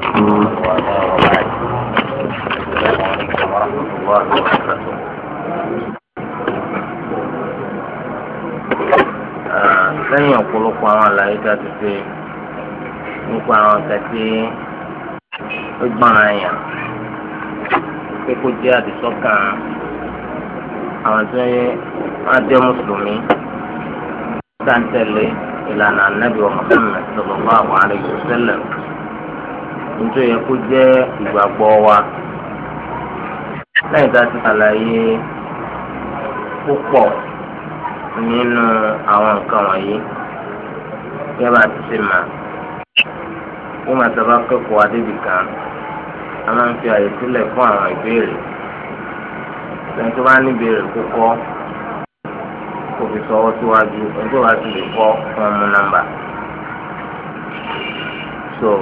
وبعد السلام عليكم ورحمة الله وبركاته lẹ́yìn ọ̀pọ̀lọpọ̀ àwọn àlàyé tá a ti ṣe nípa àwọn ọ̀tá tí ó pé kó jẹ́ àdìsọ́kàn àwọn tó yẹ ìlànà anábìwọ̀n nítorí yẹ kó jẹ́ ìgbàgbọ́ wa lẹ́yìn tá a ti ṣàlàyé púpọ̀ nínú àwọn nǹkan wọ̀nyí gẹ́gẹ́ a ti ṣe mà ó máa sábà kẹ́kọ̀ọ́ adébì kan a máa ń fi àyè sílẹ̀ fún àwọn ìbéèrè ẹni tó bá ní ìbéèrè kó kọ́ kò fi sọ́wọ́ síwájú ẹni tó bá ti lè kọ́ fún ọmọ nọ́mbà. so